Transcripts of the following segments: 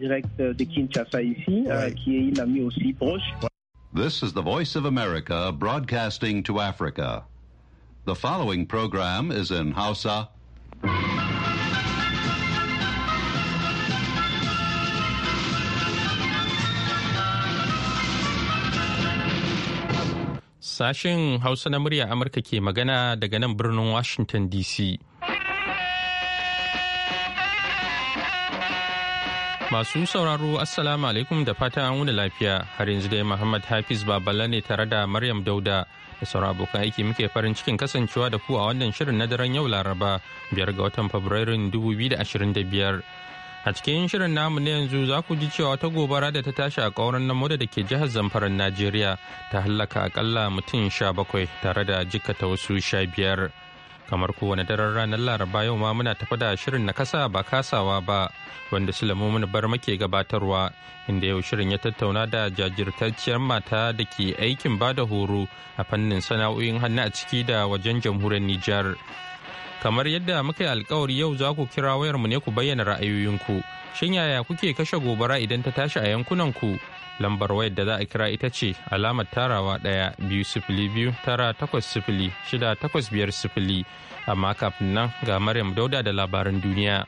direct de Kinshasa ici, right. Euh, qui est une amie aussi proche. This is the Voice of America broadcasting to Africa. The following program is in Hausa. Sashen Hausa na murya Amurka ke magana daga nan birnin Washington DC. Masu sauraro Assalamu alaikum da fata an wuni lafiya har yanzu dai Muhammad Hafiz Babala ne tare da Maryam Dauda da sauran abokan aiki muke farin cikin kasancewa da ku a wannan shirin na daren yau Laraba biyar ga watan Fabrairun 2025. A cikin shirin namu na yanzu za ku ji cewa wata gobara da ta tashi a ƙauran na da ke jihar Zamfaran Najeriya ta hallaka akalla mutum sha bakwai tare da jikkata wasu sha biyar. kamar kowane daren ranar laraba yau ma muna tafi da shirin na kasa ba kasawa ba wanda lamu mun bar make gabatarwa inda yau shirin ya tattauna da jajirtacciyar mata da ke aikin ba da horo a fannin sana'o'in hannu a ciki da wajen jamhuriyar nijar kamar yadda muka yi alkawari yau za ku kira wayarmu ne ku bayyana ra'ayoyinku Shin yaya kuke kashe gobara idan ta tashi a yankunan ku? Lambar wayar da za a kira ita ce alamar tarawa ɗaya biyu sifili biyu tara takwas sifili shida takwas biyar sifili. Amma kafin nan ga Maryam Dauda da labaran duniya.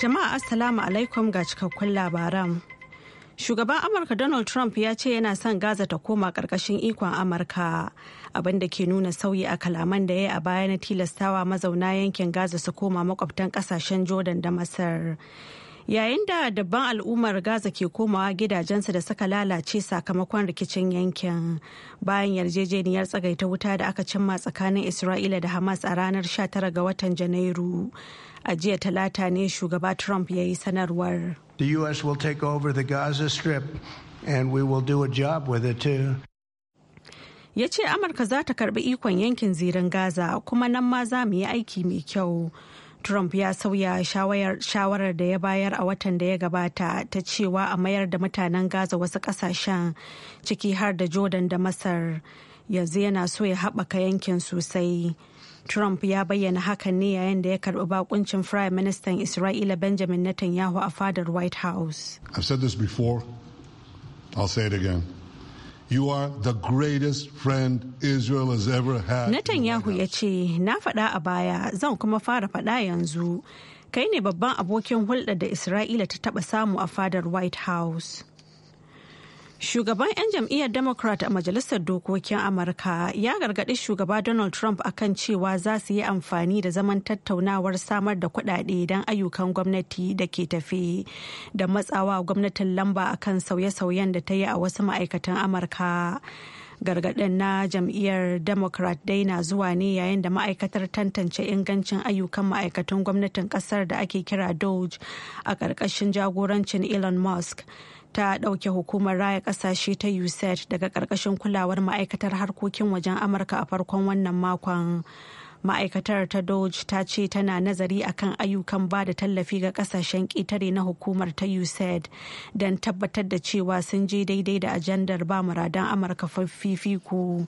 Jama'a Assalamu alaikum ga cikakkun labaran. Shugaban Amurka Donald Trump ya ce yana son Gaza ta koma karkashin ikon Amurka. abin da ke nuna sauyi a kalaman da ya yi a baya na tilastawa mazauna yankin Gaza su koma makwabtan kasashen Jordan da Masar. Yayin da dabban al'ummar Gaza ke komawa gidajensu da suka lalace sakamakon rikicin yankin bayan yarjejeniyar tsagaita wuta da aka cimma tsakanin Isra'ila da Hamas a ranar 19 ga watan Janairu. A jiya talata ne shugaba Trump ya yi sanarwar. The U.S. will take over the Gaza Strip and we will do a job with it too. ya ce amurka za ta karbi ikon yankin zirin gaza kuma nan ma za mu yi aiki mai kyau trump ya sauya shawarar da ya bayar a watan da ya gabata ta cewa a mayar da mutanen gaza wasu kasashen ciki har da jordan da masar yanzu yana so ya haɓaka yankin sosai trump ya bayyana hakan ne yayin da ya karbi bakuncin prime minister isra'ila benjamin netanyahu a fadar white house i've said this before i'll say it again You are the greatest friend Israel has ever had. Netanyahu ya ce, Na faɗa a baya, zan kuma fara faɗa yanzu. Kai ne babban abokin hulɗar da Isra'ila ta taɓa samu a fadar White House. Shugaban 'yan jam'iyyar Democrat a Majalisar Dokokin Amurka ya gargaɗi shugaba Donald Trump akan cewa za su yi amfani da zaman tattaunawar samar da kuɗaɗe don ayyukan gwamnati da ke tafe da matsawa gwamnatin lamba akan sauye-sauyen da ta yi a wasu ma'aikatan Amurka. gargaɗin na jam'iyyar democrat dai na zuwa ne yayin da ma'aikatar tantance ingancin ayyukan ma'aikatan gwamnatin ƙasar da ake kira doge a ƙarƙashin jagorancin elon musk ta ɗauke hukumar raya ƙasashe ta usaid daga ƙarƙashin kulawar ma'aikatar harkokin wajen amurka a farkon wannan makon ma'aikatar ta doge ta ce tana nazari akan ayyukan ba da tallafi ga kasashen ƙetare na hukumar ta usaid don tabbatar da cewa sun je daidai da ajandar ba muradan amurka fifiko.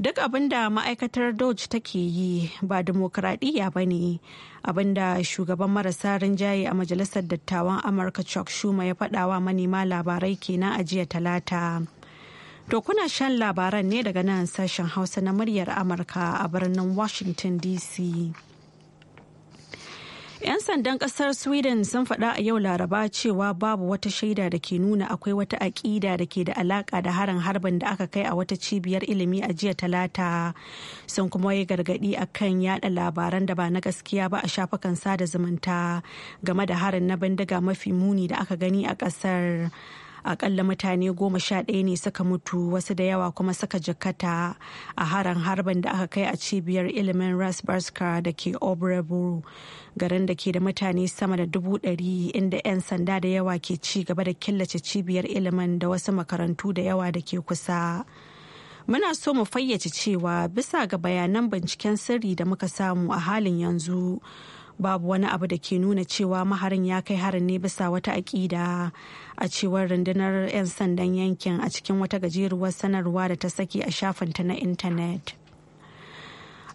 duk abin da ma'aikatar doge take yi ba demokradiyya ba ne abin da shugaban marasa rinjaye a majalisar dattawan amurka chuck schumer ya faɗawa manema labarai kenan a jiya talata to kuna shan labaran ne daga nan sashen hausa na muryar amurka a birnin washington dc 'Yan sandan kasar Sweden sun faɗa a yau Laraba cewa babu wata shaida da ke nuna akwai wata aƙida da ke da alaƙa da harin harbin da aka kai a wata cibiyar ilimi a jiya talata sun kuma yi gargaɗi a kan yada labaran da ba na gaskiya ba a shafukan sada zumunta game da harin na bindiga mafi muni da aka gani a ƙasar. akalla mutane goma sha ɗaya ne suka mutu wasu da yawa kuma suka jikkata a haran harban da aka kai a cibiyar ilimin rasbarska da ke obreburu garin da ke da mutane sama da dubu ɗari inda 'yan sanda da yawa ke ci gaba da killace cibiyar ilimin da wasu makarantu da yawa da ke kusa. muna so mu fayyace cewa bisa ga bayanan binciken sirri da muka samu a halin yanzu babu wani abu da ke nuna cewa maharin ya kai harin ne bisa wata aƙida a cewar rundunar 'yan sandan yankin a cikin wata gajeruwar sanarwa da ta saki a shafinta na intanet.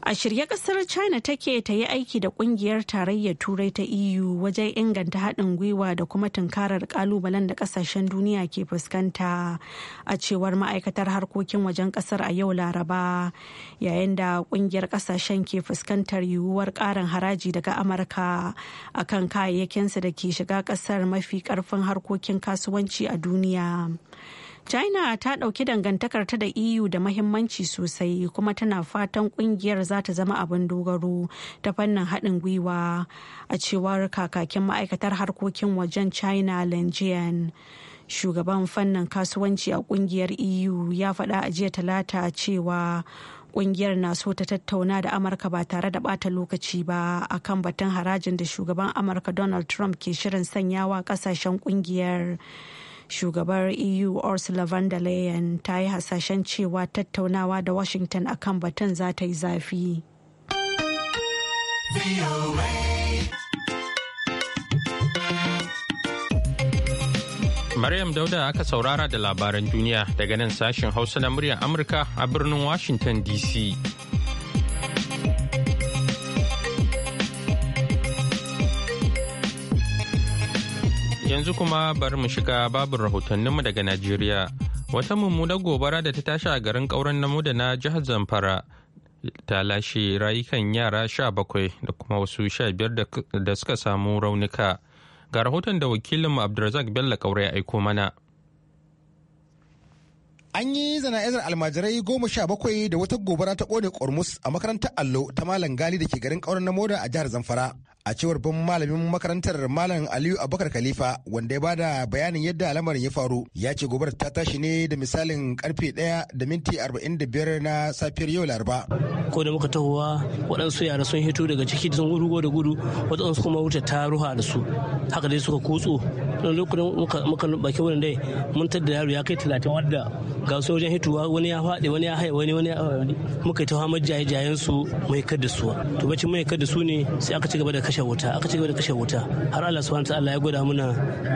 A shirye kasar China take ta yi aiki da kungiyar tarayyar turai ta EU wajen inganta haɗin gwiwa da kuma tunkarar kalubalen da kasashen duniya ke fuskanta a cewar ma'aikatar harkokin wajen kasar a yau laraba yayin da kungiyar kasashen ke fuskantar yiwuwar ƙarin haraji daga Amurka a kan kayayyakinsu da ke shiga kasar mafi ƙarfin harkokin kasuwanci a duniya. China ta ɗauki dangantakarta da EU da mahimmanci sosai kuma tana fatan kungiyar za ta zama abin dogaro ta fannin haɗin gwiwa a cewar kakakin ma'aikatar harkokin wajen China Lenjian. Shugaban fannin kasuwanci a kungiyar EU ya faɗa a jiya talata cewa kungiyar na so ta tattauna da amurka ba tare da bata lokaci ba akan batun harajin da shugaban amurka donald trump ke shirin sanyawa kasashen kungiyar shugabar eu ursula von der leyen ta yi hasashen cewa tattaunawa da washington akan batun za ta yi zafi Maryam Dauda aka saurara da labaran duniya daga nan sashen Hausa na muryar Amurka a birnin Washington DC. yanzu kuma bari mu shiga babin rahotanninmu daga Najeriya. Wata mummunar gobara da ta tashi a garin ƙauren namu da na jihar Zamfara ta lashe rayukan yara sha bakwai da kuma wasu sha biyar da suka samu raunuka. Ga rahoton da wakilinmu Abdulrazak Bello Kaure ya aiko mana. An yi zana'izar almajirai goma sha bakwai da wata gobara ta ƙone ƙormus a makarantar allo ta Malam Gali da ke garin ƙauren na a jihar Zamfara. a cewar bin malamin makarantar malam aliyu abubakar khalifa wanda ya bada bayanin yadda al'amarin ya faru ya ce gobar ta tashi ne da misalin karfe daya da minti arba'in da biyar na safiyar yau laraba ko da muka tahowa waɗansu yara sun hito daga ciki sun rugo da gudu waɗansu kuma wuta ta ruha da su haka dai suka kutso don lokacin muka baki wurin dai mun tadda yaro ya kai talatin wanda ga su wajen hituwa wani ya faɗi wani ya haye wani wani muka yi ta hamar jaye-jayen su mai kada su to bacin mai kada su ne sai aka ci gaba da kashe kashe wuta aka ci gaba da kashe wuta har Allah subhanahu ta'ala ya gwada muna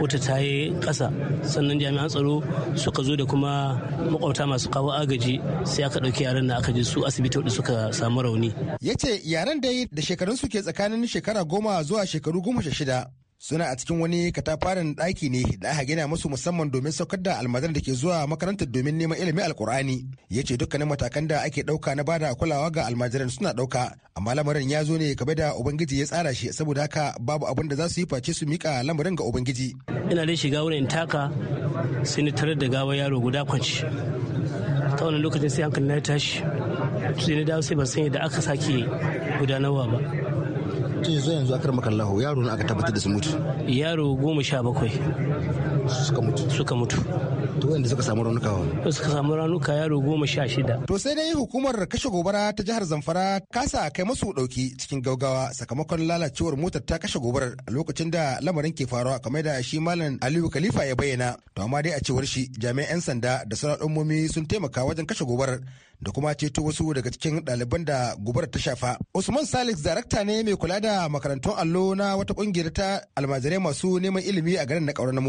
wuta ta yi kasa sannan jami'an tsaro suka zo da kuma makwabta masu kawo agaji sai aka dauki yaran da aka ji su asibiti da suka samu rauni yace yaran da da shekarun su ke tsakanin shekara goma zuwa shekaru goma sha shida suna a cikin wani katafaren ɗaki ne da aka gina musu musamman domin saukar da almadar da ke zuwa makarantar domin neman ilimin alkur'ani ya ce dukkanin matakan da ake dauka na bada kulawa ga almajiran suna dauka amma lamarin ya zo ne kabe da ubangiji ya tsara shi saboda haka babu abin da za su yi face su mika lamarin ga ubangiji ina dai shiga wurin taka sai ni tarar da gawa yaro guda kwanci ta wani lokacin sai hankali na tashi sai ni dawo sai ban san yadda aka sake gudanarwa ba mutum zai yanzu akar makallahu yaro na aka tabbatar da su mutu yaro goma sha bakwai suka mutu suka mutu to wanda suka samu ranuka wa suka samu ranuka yaro goma sha shida to sai dai hukumar kashe gobara ta jihar zamfara kasa kai masu dauki cikin gaugawa sakamakon lalacewar motar ta kashe gobarar a lokacin da lamarin ke faruwa kamar da shi malam aliyu khalifa ya bayyana to amma dai a cewar shi jami'an 'yan sanda da sauran sun taimaka wajen kashe gobarar da kuma ceto wasu daga cikin ɗaliban da gubar ta shafa. Usman Salix darakta ne mai kula da makarantun allo na wata kungiyar ta almajirai masu neman ilimi a garin na ƙaurar na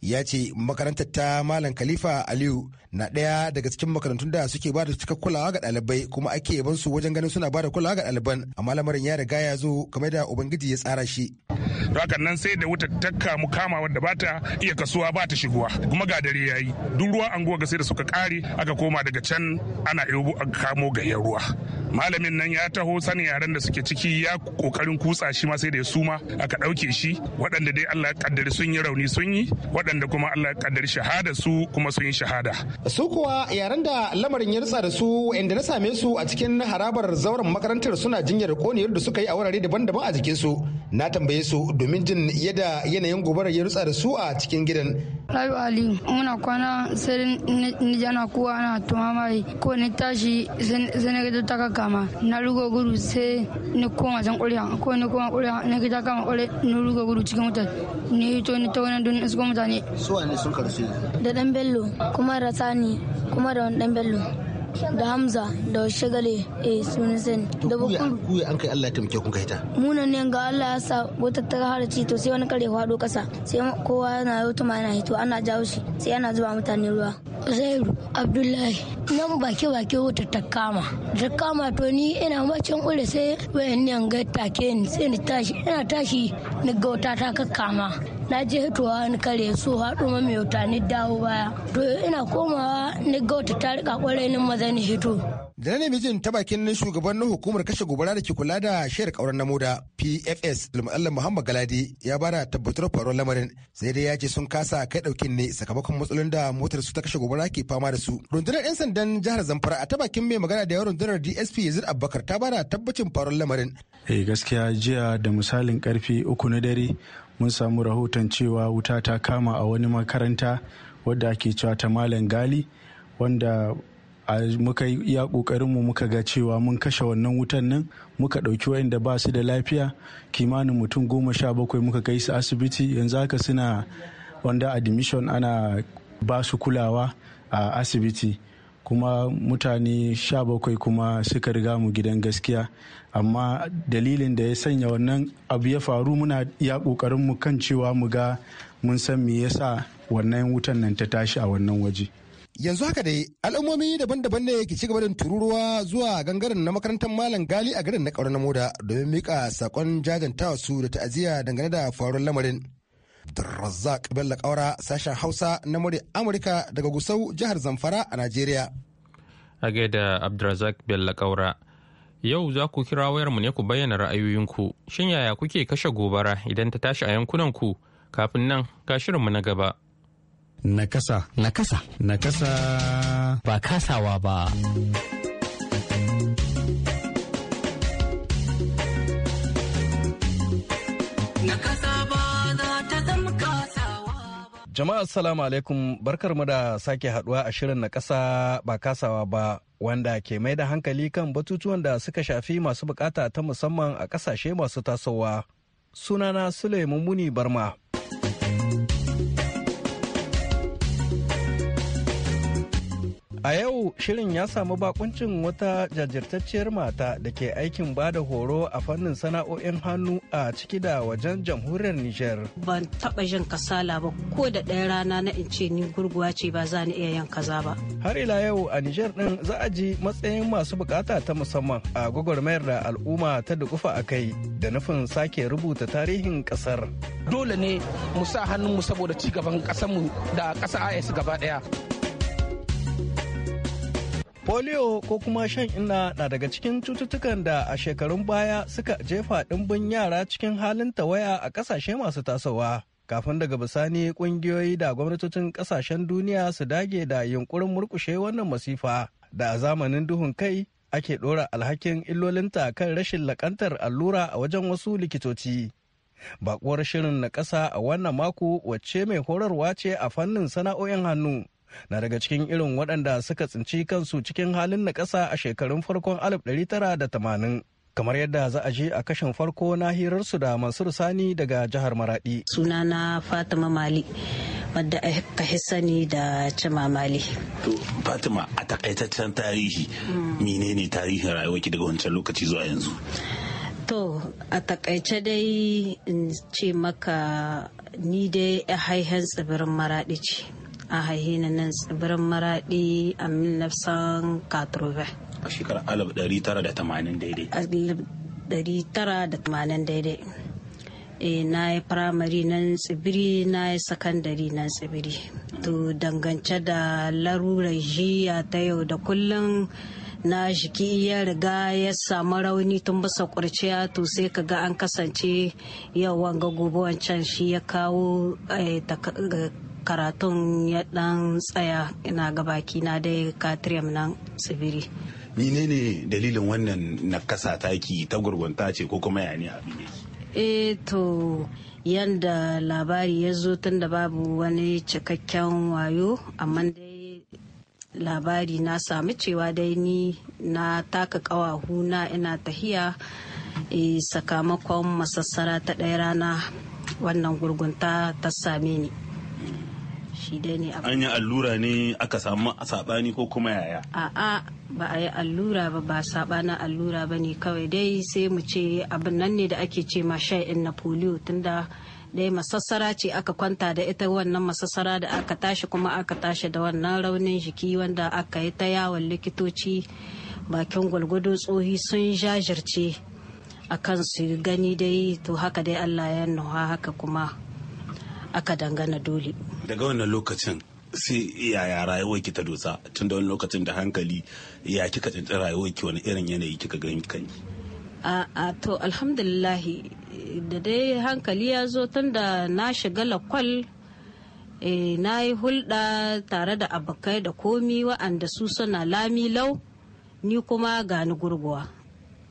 Ya ce makarantar ta Malam Khalifa Aliyu na ɗaya daga cikin makarantun da suke ba da cikakken kulawa ga ɗalibai kuma ake yaban su wajen ganin suna ba da kulawa ga ɗaliban amma lamarin ya riga ya zo kamar da Ubangiji ya tsara shi. Hakan nan sai da wuta takka mu kama wadda ba ta iya kasuwa ba ta shigowa kuma ga dare yi duk ruwa anguwa ga sai da suka kare aka koma daga can ana rubu a kamo yan ruwa malamin nan ya taho sanin yaren da suke ciki ya kokarin kutsa shi ma sai da ya suma aka ɗauke shi waɗanda dai Allah ya kaddari sun yi rauni sun yi waɗanda kuma Allah ya kaddari shahada su kuma sun yi shahada su kuwa yaren da lamarin ya rutsa da su inda na same su a cikin harabar zauren makarantar suna jinyar koniyar da suka yi a wurare daban-daban a jikin su na tambaye su domin jin yadda yanayin gobarar ya rutsa da su a cikin gidan rayu ali muna kwana sai ni jana kuwa na tumamai ko ni ta tashi sai na gido ta kama na rugo gudu sai ni koma can ƙuriya ko ni koma na gida kama ƙure ni rugo gudu cikin wutar ni hito ni ta wani mutane. su sun karsu da dan bello kuma rasani kuma da wani dan bello. da Hamza da Shagale eh, a sunan sani da Bukuru ku an kai Allah ta taimake kun kai ta munan ne ga Allah ya sa wata ta ci to sai wani kare fado kasa sai kowa yana yau tuma yana hito ana jawo shi sai yana zuba mutane ruwa Zairu Abdullahi nan baki baki wata ta kama ta kama to ni ina macen ure sai wayan ne ga take ni sai ni tashi ina tashi ni ga wata ta kama. na je hitowa ni kare su haɗu ma mai wuta ni dawo baya to ina komawa ni ga wata ta rika kwarai ni maza ni hito da na mijin ta bakin shugaban na hukumar kashe gobara da ke kula da shayar kauran na moda pfs almu'allam muhammad galadi ya da tabbatar faruwar lamarin sai dai ya ce sun kasa kai daukin ne sakamakon matsalolin da motar su ta kashe gobara ke fama da su rundunar yan sandan jihar zamfara a ta bakin mai magana da yawan rundunar dsp yazid abubakar ta da tabbacin faruwar lamarin eh, gaskiya jiya da misalin karfe uku na dare mun samu rahoton cewa wuta ta kama a wani makaranta wadda ake cewa ta malam gali wanda muka yi iya ƙoƙarinmu muka ga cewa mun kashe wannan wutan nan muka ɗauki wainda ba su da lafiya kimanin mutum goma sha bakwai muka kai su asibiti yanzu haka suna wanda admission ana ba su kulawa a asibiti kuma mutane sha bakwai kuma suka riga mu gidan gaskiya amma dalilin da ya sanya wannan abu ya faru muna ya kokarin mu kan cewa mu ga mun san me yasa wannan wutan nan ta tashi a wannan waje yanzu haka dai al'ummomi daban-daban ne ke cigaba da tururuwa zuwa gangaren na makarantar malam gali a garin na kauran moda domin mika sakon jajantawa su da ta'aziyya dangane da faruwar lamarin Abdulrazak Bello Kaura sashen Hausa na murya Amurka daga Gusau jihar Zamfara a Najeriya. A gaida Abdulrazak Bello Kaura. Yau za ku kira wayarmu ne ku bayyana ra'ayoyinku. Shin yaya kuke kashe gobara idan ta tashi a yankunan ku Kafin nan ga shirinmu na gaba. Nakasa. Nakasa. Nakasa. Ba kasawa ba. Nakasa. Jama'a assalamu alaikum barkar mu da sake haduwa a shirin na kasa ba kasawa ba wanda ke mai da hankali kan batutuwan da suka shafi masu bukata ta musamman a kasashe masu tasowa. Sunana Suleiman Muni Barma. A yau shirin ya samu bakuncin wata jajirtacciyar mata da ke aikin ba da horo a fannin sana'o'in hannu a ciki da wajen jamhuriyar Nijar. Ban taba jin kasala ba ko da ɗaya rana na in ce ni gurguwa ce ba za ni iya yan kaza ba. Har ila yau a Nijar ɗin za a ji matsayin masu bukata ta musamman a gwagwarmayar da al'umma ta dukufa a kai da nufin sake rubuta tarihin kasar. Dole ne mu sa hannunmu saboda ci gaban ƙasarmu da ƙasa AS gaba ɗaya. Polio ko kuma shan inna na daga cikin cututtukan da a shekarun baya suka jefa ɗimbin yara cikin halin tawaya a ƙasashe masu tasowa. Kafin daga bisani ƙungiyoyi da gwamnatocin ƙasashen duniya su dage da yunkurin murkushe wannan masifa da a zamanin duhun kai ake ɗora alhakin illolinta kan rashin laƙantar allura a wajen wasu likitoci. baƙuwar shirin na ƙasa a wannan mako wacce mai horarwa ce a fannin sana'o'in hannu. na daga cikin irin waɗanda suka tsinci kansu cikin halin na ƙasa a shekarun farkon 1980 kamar yadda za a je a kashin farko na hirarsu da mansur sani daga jihar maradi sunana fatima mali wadda aka sani da cima mali fatima a takaitaccen tarihi hmm. menene tarihin rayuwarki daga wancan lokaci zuwa yanzu to a takaice dai in ce maka ni dai haihen tsibirin maraɗi ce A haihe na nan tsibirin maraɗi a 1980. A shekarar 1980 daidai. 1980 daidai. e na yi firamare nan tsibiri na yi sakandare nan tsibiri to dangance da larurar jiya ta yau da kullum na jiki ya riga ya samu rauni tun bisa kurciya to sai ka ga an kasance yau wanga gobe wancan shi ya kawo eh, karatun ya dan tsaya ina gabaki na dai katriyam nan tsibiri ne dalilin wannan nakasa taki ta gurgunta ce ko kuma yani abin yake e to yanda labari ya zo tun da babu wani cikakken wayo amma dai labari na sami cewa dai ni na taka kawahu na ina tahiya e, sakamakon masassara ta ɗaya rana wannan gurgunta ta same ni shi dai ne an yi allura ne aka samu sabani ko kuma yaya a'a ba a yi allura ba ba sabanin allura ba ne kawai dai sai mu ce abin nan ne da ake ce ma in na polio tunda dai masassara ce aka kwanta da ita wannan masassara da aka tashi kuma aka tashi da wannan raunin jiki wanda aka yi ta yawon likitoci bakin gwalgwado tsohi sun jajirce a kan su gani dai to haka dai allah ya nuha haka kuma aka dangana dole daga wannan lokacin sai yaya rayuwar ki ta dosa tun da wani lokacin da hankali ya kika tsinci rayuwar ki wani irin yanayi kika gani kanki a a to alhamdulillah da dai hankali ya zo tun da na shiga lakwal eh, na yi hulɗa tare da abokai da komi wa'anda su suna lami lau ni kuma gani gurguwa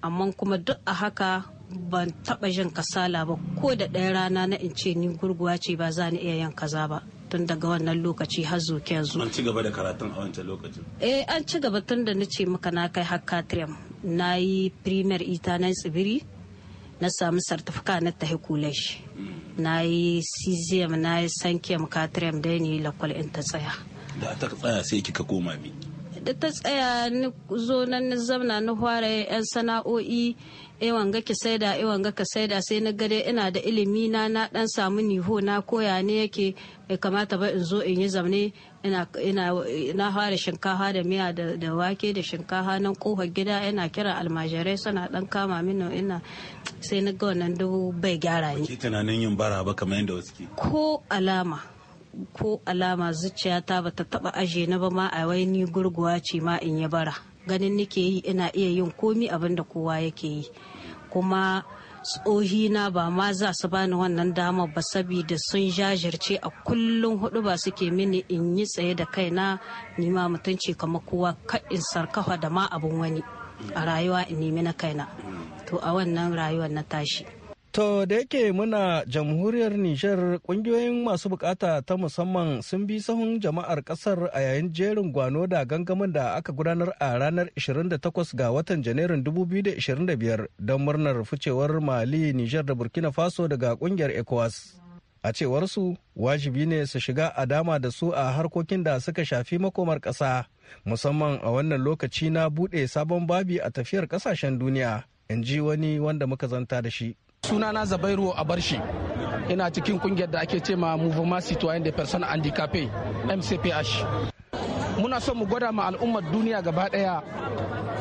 amma kuma duk a haka ban taba jin kasala ba ko da ɗaya rana na in ce ni gurguwa ce ba za ni iya yin kaza ba tun daga wannan lokaci har ke yanzu. An ci gaba da karatun a wancan lokacin? Eh an ci gaba tun da na ce maka na kai har katriyam na yi primer ita na tsibiri na samu sartifika na tahi kulesh hmm. na yi cesium na yi sankiyam da dai ne lakwal in ta tsaya. Da ta tsaya sai kika koma bi. da ta tsaya ni zo nan na zamna na fara yan sana'o'i ewan eh, ga ki saida ewan eh, ga ka saida sai na gare ina da ilimi na na dan samu niho na koya ne yake bai kamata ba in zo in yi zamne ina ina na fara shinkafa da miya da da wake da shinkafa nan kofar gida ina kira almajirai suna dan kama mini ina sai na ga wannan dubu bai gyara ni tunanin ko alama ko alama zuciyata bata taba aje na ba ma a wai ni gurguwa ce ma in ya bara ganin nike yi ina iya yin komi abin da kowa yake yi kuma tsohi na ba ma za su bani wannan dama ba saboda sun jajirce a kullum hudu ba suke mini in yi tsaye da kaina nima mutunci kamar kowa ka in sarkafa da ma abin wani a rayuwa in nemi na kaina to a wannan rayuwar na tashi To da yake muna jamhuriyar Nijar kungiyoyin masu bukata ta musamman sun bi sahun jama'ar kasar a yayin jerin gwano da gangamin da aka gudanar a ranar 28 ga watan Janairun 2025 don murnar ficewar Mali, Nijar da Burkina Faso daga kungiyar ECOWAS. A cewarsu, wajibi ne su shiga a dama da su a harkokin da suka shafi makomar kasa musamman a wannan lokaci na buɗe sabon babi a tafiyar ƙasashen duniya, in ji wani wanda muka zanta da shi. Sunana Zabairu barshi ina cikin kungiyar da ake ce ma Mouvement Citoyen person Personnes Handicapées MCPH. muna so mu gwada ma al'ummar duniya gaba daya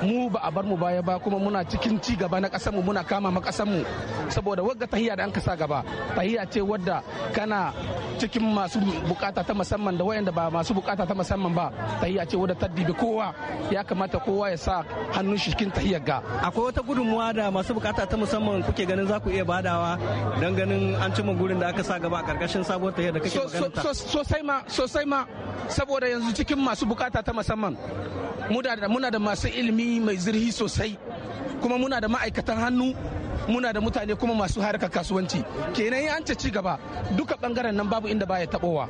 mu ba a bar mu baya ba kuma muna cikin ci gaba na kasar mu muna kama ma kasar mu saboda wagga tahiya da an kasa gaba tahiya ce wadda kana cikin masu bukata ta musamman da wayanda ba masu bukata ta musamman ba tahiya ce wadda ta dibi kowa ya kamata kowa ya sa hannun shi cikin tahiyar ga akwai wata gudunmuwa da masu bukata ta musamman kuke ganin za ku iya badawa don ganin an cimma gurin da aka sa gaba a karkashin sabuwar tahiyar da kake magana sosai ma sosai ma saboda yanzu cikin masu bukata ta musamman muna da masu ilimi mai zirhi sosai kuma muna da ma'aikatan hannu muna da mutane kuma masu harkar kasuwanci kenan ya ci gaba duka bangaren nan babu inda baya tabowa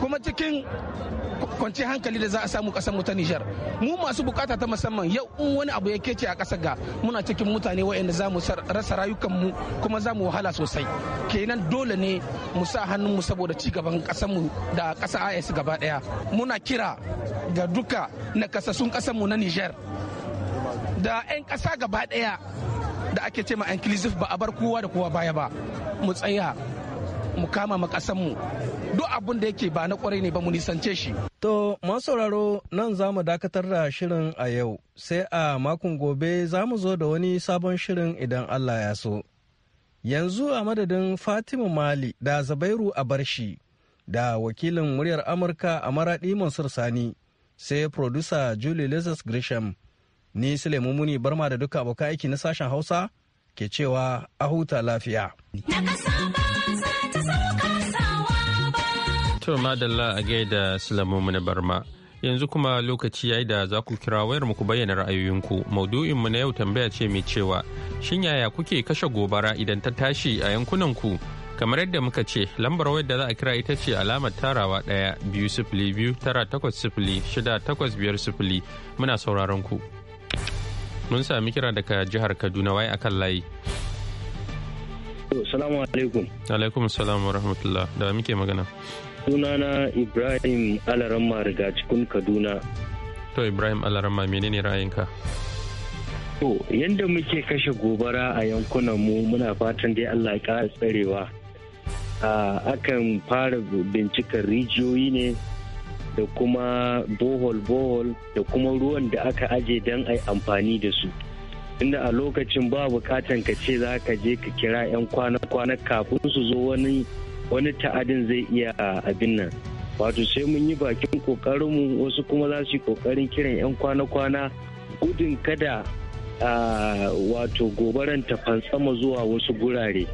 kuma cikin kwanci hankali da za a samu kasar mu ta Nijar mu masu bukata ta musamman yau in wani abu ya kece a kasar ga muna cikin mutane waɗanda za mu rasa rayukan mu kuma za mu wahala sosai kenan dole ne mu sa hannun mu saboda ci gaban kasar da ƙasa AIS gaba ɗaya muna kira ga duka na kasassun kasar mu na Nijar da 'yan ƙasa gaba ɗaya da ake ce ma inclusive ba a bar kowa da kowa baya ba mu tsaya mu kama makasan mu duk abin da yake ba na kwarai ne ba mu nisance shi. To masauraro nan za mu dakatar da shirin a yau sai a makon gobe za mu zo da wani sabon shirin idan Allah ya so. Yanzu a madadin Fatima Mali da Zabairu a barshi da wakilin muryar Amurka a maraɗi Mansur Sani sai producer Julie Lizas Grisham ni Sulaimu Muni barma da duka abokan aiki na sashen Hausa ke cewa a huta lafiya. Na To madalla a gaida Sulamu na Barma. Yanzu kuma lokaci ya yi da za ku kira wayar ku bayyana ra'ayoyinku. Maudu'in mu na yau tambaya ce mai cewa shin yaya kuke kashe gobara idan ta tashi a yankunan ku? Kamar yadda muka ce lambar wayar da za a kira ita ce alamar tarawa ɗaya biyu sifili biyu tara takwas sifili shida takwas biyar sifili muna sauraron ku. Mun sami kira daga jihar Kaduna wai akan layi. Salamu alaikum. Alaikum salam wa rahmatullah da muke magana. sunana ibrahim alaramma daga cikin kaduna to ibrahim alaramma menene ra'ayinka to yadda muke kashe gobara a yankunan mu muna fatan dai allah ya kara tsarewa akan fara bincikar rijiyoyi ne da kuma bohol bohol da kuma ruwan da aka aje don a amfani da su inda a lokacin ba bukatan ka ce za ka je ka kira 'yan kwana-kwana kafin su zo wani wani ta'adin zai iya a abin nan wato sai mun yi bakin kokarinmu wasu kuma za su yi kokarin kiran 'yan kwana-kwana gudun kada wato gobaran ta fantsama zuwa wasu gurare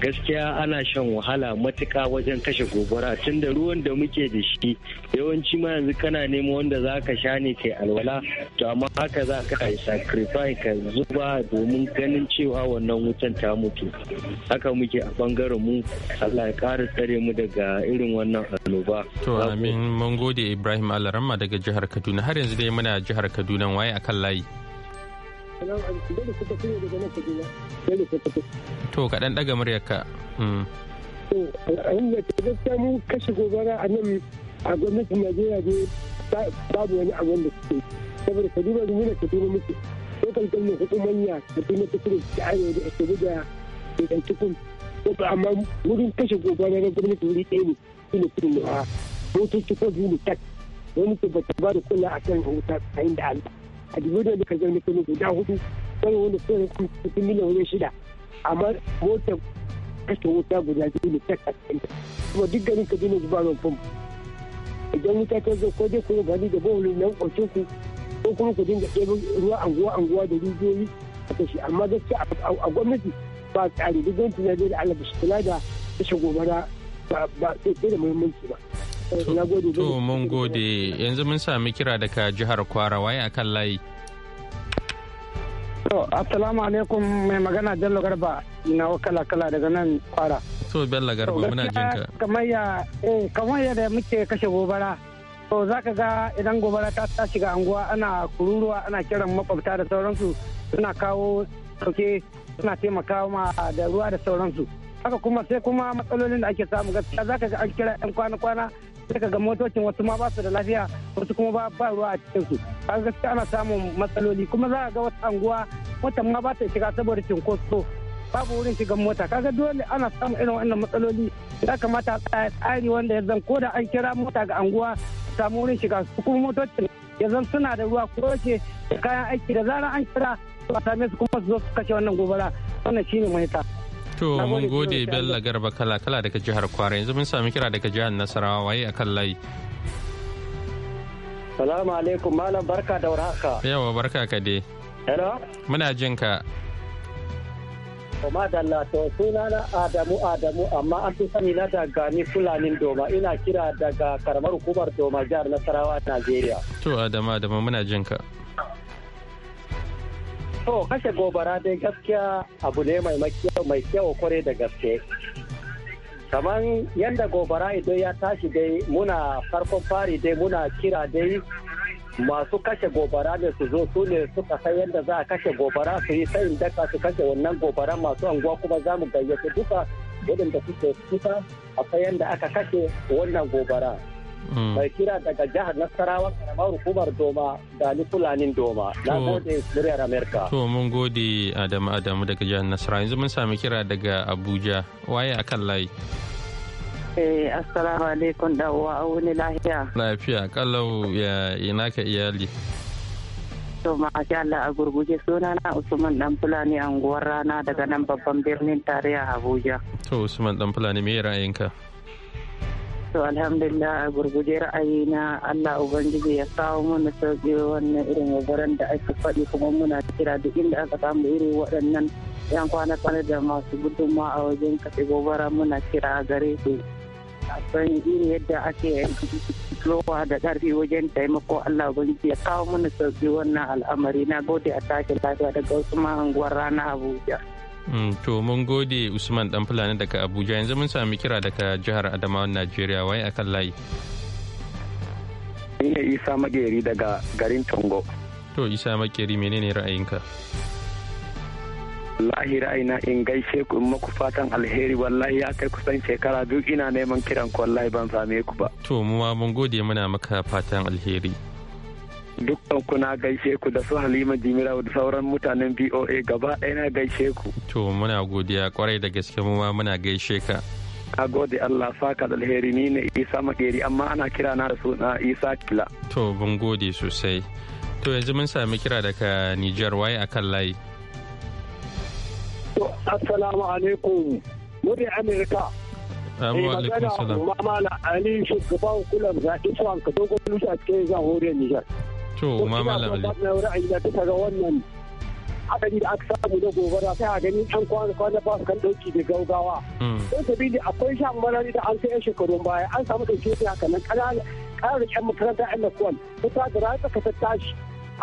gaskiya ana shan wahala matuka wajen kashe gobara tunda ruwan da muke da shi yawanci ma yanzu kana nemo wanda za ka sha ne kai alwala to amma haka za ka yi sacrifice ka zuba domin ganin cewa wannan wutan ta mutu haka muke a bangaren mu Allah ya kara tsare mu daga irin wannan annoba to amin mun gode Ibrahim Alarama daga jihar Kaduna har yanzu dai muna jihar Kaduna waye akan layi To kaɗan ɗaga muryarka. gaskiya mun kashe gobara a nan a gwamnatin Najeriya ne babu wani abin da suke. Saboda ka Kaduna da ka Kaduna muke. Ko kankan ne hudu manya ka Kaduna ta kudu ta arewa da Asabu da Kekan Tukun. Wato amma wurin kashe gobara na gwamnati wuri ɗaya ne su ne kudu ne a motoci ko biyu ne tak. Wani ta ba ba da kula a kan wuta a inda Allah. a dubu da muka zaune kano guda hudu wani wanda sun miliyan wani shida amma motar kashe wuta guda biyu ne tek a cikin kuma duk garin kaduna zuba mai fom idan wuta ta zo ko dai ku gani da bohol nan kwace ku ko kuma ku dinga ɗebo ruwa anguwa anguwa da rijiyoyi a kashe amma gaskiya a gwamnati ba tsari duk gwamnati tunanin da Allah ba shi kula da kashe gobara ba sai da muhimmanci ba. To mun gode yanzu mun sami kira daga jihar Kwara waye a kan layi. To assalamu alaikum mai magana Bello Garba na wakala kala daga nan Kwara. To Bello Garba muna jinka. Kamar ya eh kamar ya da muke kashe gobara. To za ka ga idan gobara ta ta shiga anguwa ana kururuwa ana kiran makwabta da sauransu suna kawo sauke suna taimakawa ma da ruwa da sauransu. haka kuma sai kuma matsalolin da ake samu gaskiya ka ga an kira yan kwana-kwana sai ka ga motocin wasu ma ba su da lafiya wasu kuma ba ruwa a cikin su kaga gaskiya ana samun matsaloli kuma za ka ga wata anguwa mota ma ba ta shiga saboda cinkoso babu wurin shigan mota kaga dole ana samun irin wannan matsaloli ya kamata a tsaya tsari wanda ya zan koda an kira mota ga anguwa samu wurin shiga su kuma motocin ya zan suna da ruwa ko yake da kayan aiki da zarar an kira ba same su kuma su zo su kashe wannan gobara wannan shine mahita. to mun gode bella garba kala kala daga jihar kwara yanzu mun sami kira daga jihar nasarawa waye a kan layi salamu alaikum malam barka da warhaka yawa barka ka dai hello muna jin ka Kuma da lato suna na Adamu Adamu amma an fi sani na da gani Fulanin Doma ina kira daga karamar hukumar Doma jihar Nasarawa Najeriya. To Adamu Adamu muna jin ka. To kashe gobara dai gaskiya abu ne mai kyau kware da gaske. Kamar yadda gobara idan ya tashi dai muna farkon fari dai muna kira dai masu kashe gobara ne su zo su ne suka san yadda za a kashe gobara su yi sayin daka su kashe wannan gobara masu anguwa kuma za mu gayyace duka waɗanda suke kusa a yadda aka kashe wannan gobara. Bai mm. kira daga jihar Nasarawa karamar hukumar Doma da ni Fulanin Doma. Na gode muryar Amerika. To mun gode Adamu Adamu daga jihar Nasarawa yanzu mun sami kira daga Abuja waye akan layi. Eh assalamu alaikum da wa wani lafiya. Lafiya kalau ya ina ka iyali. to masha Allah a gurguje suna na Usman dan Fulani anguwar rana daga nan babban birnin tarayya Abuja. To Usman dan Fulani me ra'ayinka? to alhamdulillah a gurguje ra'ayi na Allah Ubangiji ya kawo mana sauƙi wannan irin gobaran da ake faɗi kuma muna kira duk inda aka samu irin waɗannan yan kwana kwana da masu gudunma a wajen kafe gobara muna kira a gare su san iri yadda ake lowa da ƙarfi wajen taimako Allah Ubangiji ya kawo mana sauƙi wannan al'amari na gode a take lafiya daga wasu ma unguwar rana Abuja. Mm, to mun gode usman dan fulani daga abuja yanzu mun sami kira daga jihar adamawa najeriya wai akan layi ni ne isa makeri daga garin tongo to isa makeri menene ra'ayinka wallahi ra'ayina in gaishe ku in maku fatan alheri wallahi ya kai kusan shekara biyu ina neman kiran ku wallahi ban same ku ba to mu ma mun gode muna maka fatan alheri dukkan ku na gaishe ku da su halima jimira da sauran mutanen boa gaba ɗaya na gaishe ku to muna godiya kwarai da gaske mu ma muna gaishe ka a gode Allah saka da alheri ni ne Isa Makeri amma ana kira na da suna Isa Kila. To mun gode sosai. To yanzu mun sami kira daga Nijar waye akan layi. To assalamu alaikum. Mude Amerika. Magana alaikum salam. Mama na Ali shugaban kulan zaɓi suwan ka dogon lusa cikin zahoriyar Nijar. to ma malam ali na ra'ayi da ta ga wannan adadi da aka samu na gobara sai a gani an kwana kwana ba su kan dauki da gaugawa hmm. don sabili akwai shan marari da an kai shekarun baya an samu dauke da haka nan kanana ƙarar yan makaranta yan lakwal ta ta da rana ka ta tashi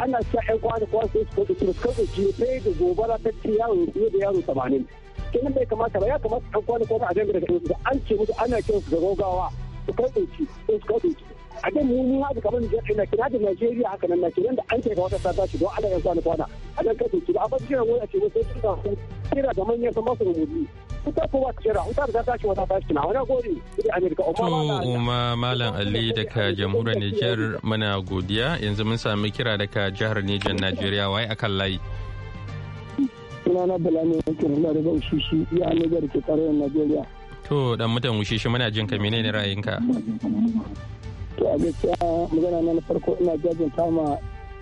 ana sa yan kwana kwana sai su kudu su kudu sai da gobara ta ce yaro fiye da yaro tamanin kenan bai kamata ba ya kamata an kwana kwana a gani da an ce musu ana su da gaugawa su kai dauki su kai dauki a eh, da mu ni haka kamar da ina kira da Najeriya haka nan Najeriya da an kai ga wata sata shi don Allah ya sa kwana a dan kai su ba ba kira wai a ce sai kira ku kira da manyan san masu rubutu kuka kuma kira in ta ta tashi wata na wani gori da Amerika umma to umma malam Ali daga jamhuriyar Niger muna godiya yanzu mun sami kira daga jihar Niger Najeriya wai akan layi sunana bala ne yankin na daga ushushi ya annabi ke tarayyar najeriya to dan mutan ushushi muna jin ka menene ra'ayinka to a gaskiya magana na farko ina jajin ma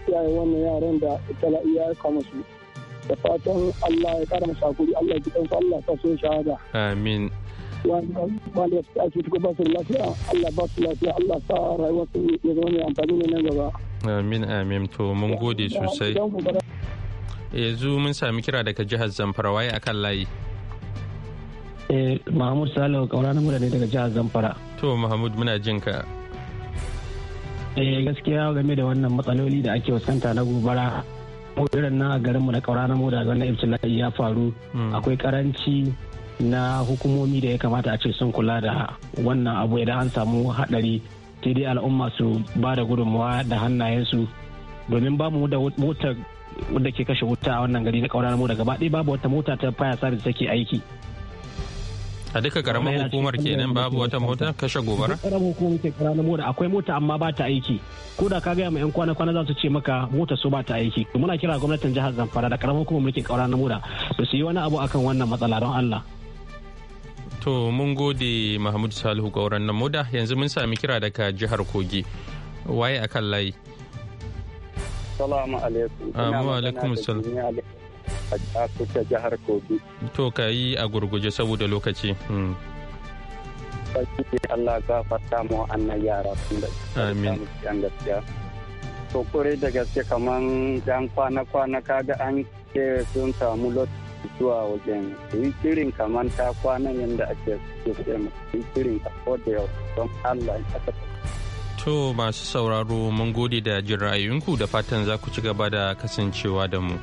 iyaye wannan yaran da tala'i ya kama su da fatan Allah ya kara masa hakuri Allah ya kitansu Allah ya sa shahada amin wanda ya fita asibiti ko ba su lafiya Allah ba su lafiya Allah sa rayuwar su ya zama mai amfani ne nan gaba amin amin to mun gode sosai yanzu mun sami kira daga jihar Zamfara waye akan layi eh Mahmud Salihu kaura na ne daga jihar Zamfara to Mahmud muna jin ka eh gaskiya game da wannan matsaloli da ake wasanta na gobara mu irin na garinmu na ƙaura na moda na ibtila'i ya faru hmm. akwai karanci na hukumomi da ya kamata a ce sun kula da wannan abu idan an samu hadari sai dai al'umma su ba da gudunmawa da hannayensu domin ba mu da mota wanda ke kashe wuta a wannan gari na ƙaura na moda gaba ɗaya babu wata mota ta fire service take aiki a duka karamar hukumar kenan babu wata mota kashe gobara karamar hukumar ke karamar mota akwai mota amma ba ta aiki ko da ka gaya ma yan kwana kwana za su ce maka mota su ba ta aiki muna kira gwamnatin jihar zamfara da karamar hukumar mulkin karamar mota da su yi wani abu akan wannan matsala don allah to mun gode mahmud salihu gauran na yanzu mun sami kira daga jihar kogi waye akan layi salamu alaikum ah, alaikum salam a kusa jihar kogi to ka yi a gurguje saboda lokaci sarki hmm. Allah gafarta mu annan yara sun da amin gaskiya to kore da gaske kaman dan kwana kwana kaga an ce sun samu lot zuwa wajen yi kirin kaman ta kwana yadda ake suke yi kirin ka ko da yau don Allah ya To masu sauraro mun gode da jin ra'ayinku da fatan za ku ci gaba da kasancewa da mu.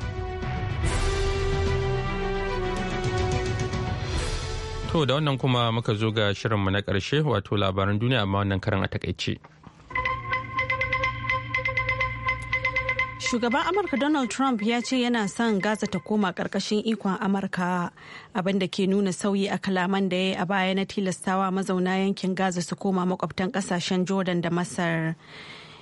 To da wannan kuma muka zo ga shirinmu na ƙarshe wato labaran duniya amma wannan karan a takaice. Shugaban Amurka Donald Trump ya ce yana son Gaza ta koma ƙarƙashin ikon Amurka abinda ke nuna sauyi a kalaman da ya yi a baya na tilastawa mazauna yankin Gaza su koma makwabtan ƙasashen Jordan da Masar.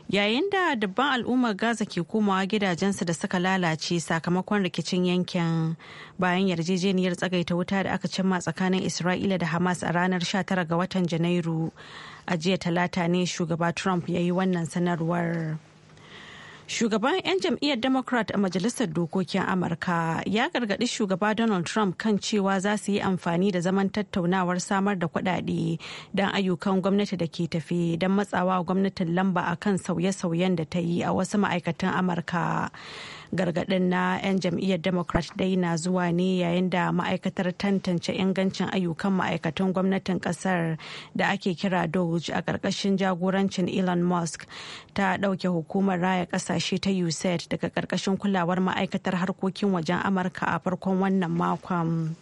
yayin da dubban al'ummar gaza ke komawa gidajensu da suka lalace sakamakon rikicin yankin bayan yarjejeniyar tsagaita wuta da aka cimma tsakanin isra'ila da hamas a ranar 19 ga watan janairu a jiya talata ne shugaba trump ya yi wannan sanarwar Shugaban 'yan jam'iyyar Democrat a Majalisar Dokokin Amurka ya gargaɗi shugaba Donald Trump kan cewa za su yi amfani da zaman tattaunawar samar da kuɗaɗe don ayyukan gwamnati da ke tafi don matsawa gwamnatin lamba akan sauye-sauyen da ta yi a wasu ma'aikatan Amurka. gargaɗin na 'yan jam'iyyar democrat dai na zuwa ne yayin da ma'aikatar tantance ingancin ayyukan ma'aikatan gwamnatin ƙasar da ake kira doge a ƙarƙashin jagorancin elon musk ta ɗauke hukumar raya ƙasashe ta usaid daga ƙarƙashin kulawar ma'aikatar harkokin wajen amurka a farkon wannan makon.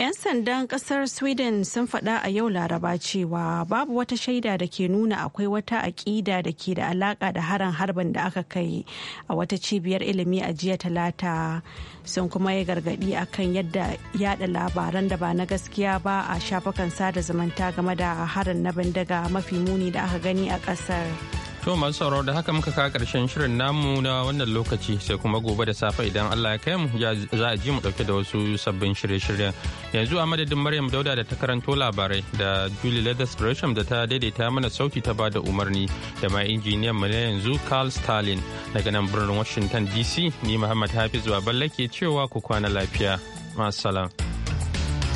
'Yan sandan kasar Sweden sun faɗa a yau Laraba cewa babu wata shaida da ke nuna akwai wata aƙida da ke da alaƙa da harin harbin da aka kai a wata cibiyar ilimi a jiya talata sun kuma yi gargaɗi akan yadda yada labaran da ba na gaskiya ba a shafukan sada zumunta game da harin na bindiga mafi muni da aka gani a ƙasar. To masu sauraro da haka muka kawo karshen shirin namu na wannan lokaci sai kuma gobe da safe idan Allah ya kai mu za a ji mu dauke da wasu sabbin shirye-shiryen. Yanzu a madadin Maryam Dauda da ta karanto labarai da Julie Leathers Gresham da ta daidaita mana sauti ta bada umarni da ma injiniyan mu na yanzu Carl Stalin daga nan birnin Washington DC ni Muhammad Hafiz Baballe ke cewa ku kwana lafiya. Masalam.